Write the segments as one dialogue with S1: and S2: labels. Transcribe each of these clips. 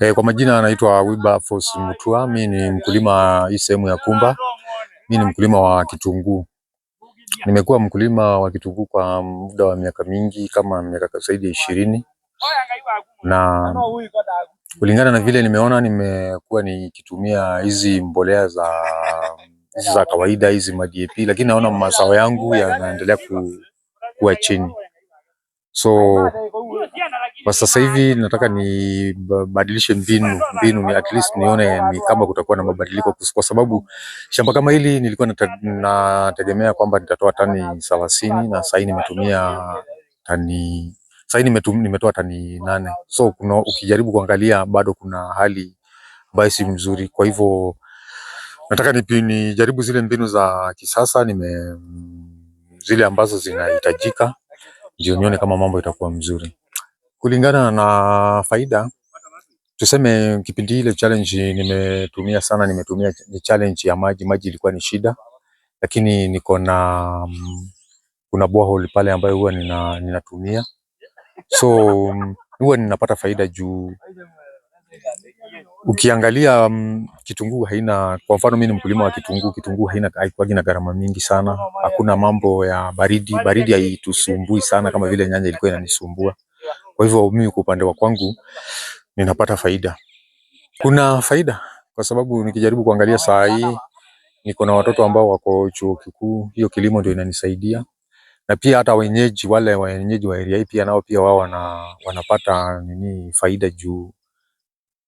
S1: E, kwa majina anaitwa Wilberforce Mutua. Mimi ni mkulima hii sehemu ya Kumba. Mimi ni mkulima wa kitunguu. Nimekuwa mkulima wa kitunguu kwa muda wa miaka mingi kama miaka zaidi ya ishirini, na kulingana na vile nimeona nimekuwa nikitumia hizi mbolea za hizi za kawaida hizi ma DAP, lakini naona mazao yangu yanaendelea ku, kuwa chini so kwa sasa hivi nataka nibadilishe mbinu mbinu, ni at least nione ni kama kutakuwa na mabadiliko, kwa sababu shamba kama hili nilikuwa nategemea kwamba nitatoa tani thelathini na sasa hivi nimetumia tani sasa hivi nimetoa tani nane. So kuna, ukijaribu kuangalia bado kuna hali ambayo si mzuri, kwa hivyo nataka nijaribu zile mbinu za kisasa nime zile ambazo zinahitajika, ndio nione kama mambo itakuwa mzuri. Kulingana na faida, tuseme kipindi ile challenge nimetumia sana, nimetumia ni challenge ya maji. Maji ilikuwa ni shida, lakini niko na kuna borehole pale ambayo huwa nina, ninatumia so huwa ninapata faida juu ukiangalia um, kitunguu haina, kwa mfano mimi ni mkulima wa kitunguu. Kitunguu haina haikuagi na gharama mingi sana, hakuna mambo ya baridi. Baridi haitusumbui sana kama vile nyanya ilikuwa inanisumbua. Kwa hivyo mimi kwa upande wa kwangu ninapata faida. Kuna faida kwa sababu nikijaribu kuangalia saa hii niko na watoto ambao wako chuo kikuu, hiyo kilimo ndio inanisaidia. Na pia hata wenyeji wale wenyeji wa area hii pia nao pia wao wana, wanapata nini faida juu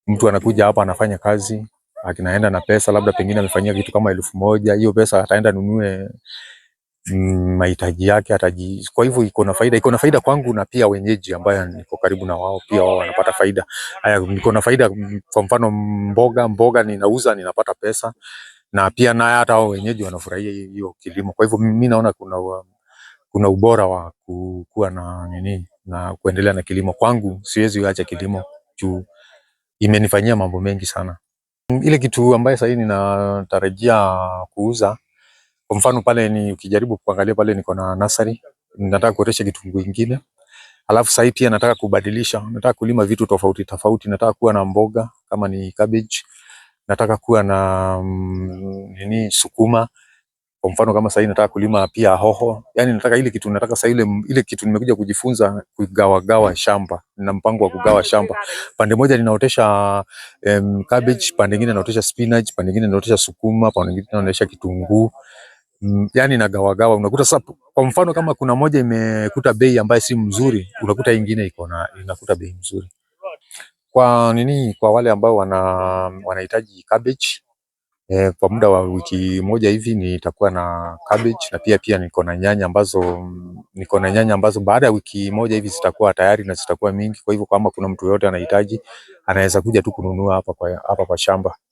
S1: mtu anakuja hapa anafanya kazi akinaenda na pesa labda pengine amefanyia kitu kama elfu moja hiyo pesa ataenda nunue mahitaji yake ataji. Kwa hivyo iko na faida, iko na faida kwangu na pia wenyeji ambayo niko karibu na wao, pia wao wanapata faida. Haya, niko na faida, kwa mfano mboga mboga ninauza ninapata pesa, na pia naye hata wao wenyeji wanafurahia hiyo kilimo. Kwa hivyo mimi naona kuna kuna ubora wa kuwa na nini na kuendelea na kilimo. Kwangu siwezi acha kilimo juu imenifanyia mambo mengi sana. Ile kitu ambayo sasa hivi ninatarajia kuuza kwa mfano pale ni ukijaribu kuangalia pale niko na nasari, nataka kuotesha kitunguu kingine. Alafu sasa pia nataka kubadilisha, nataka kulima vitu tofauti tofauti, nataka kuwa na mboga kama ni cabbage, nataka kuwa na mm, nini sukuma. Kwa mfano kama sasa nataka kulima pia hoho. Yani nataka ile kitu nataka sasa ile ile kitu nimekuja kujifunza kugawa gawa shamba. Nina mpango wa kugawa shamba. Pande moja ninaotesha um, cabbage, pande nyingine naotesha spinach, pande nyingine naotesha sukuma, pande nyingine naotesha kitunguu. Mm, yani nagawagawa, unakuta sasa, kwa mfano kama kuna moja imekuta bei ambayo si mzuri, unakuta ingine iko na inakuta bei mzuri. Kwa nini? Kwa wale ambao wana wanahitaji cabbage e, kwa muda wa wiki moja hivi nitakuwa na cabbage, na pia pia niko na nyanya ambazo niko na nyanya ambazo baada ya wiki moja hivi zitakuwa tayari na zitakuwa mingi. Kwa hivyo kama kuna mtu yoyote anahitaji, anaweza kuja tu kununua hapa kwa hapa kwa shamba.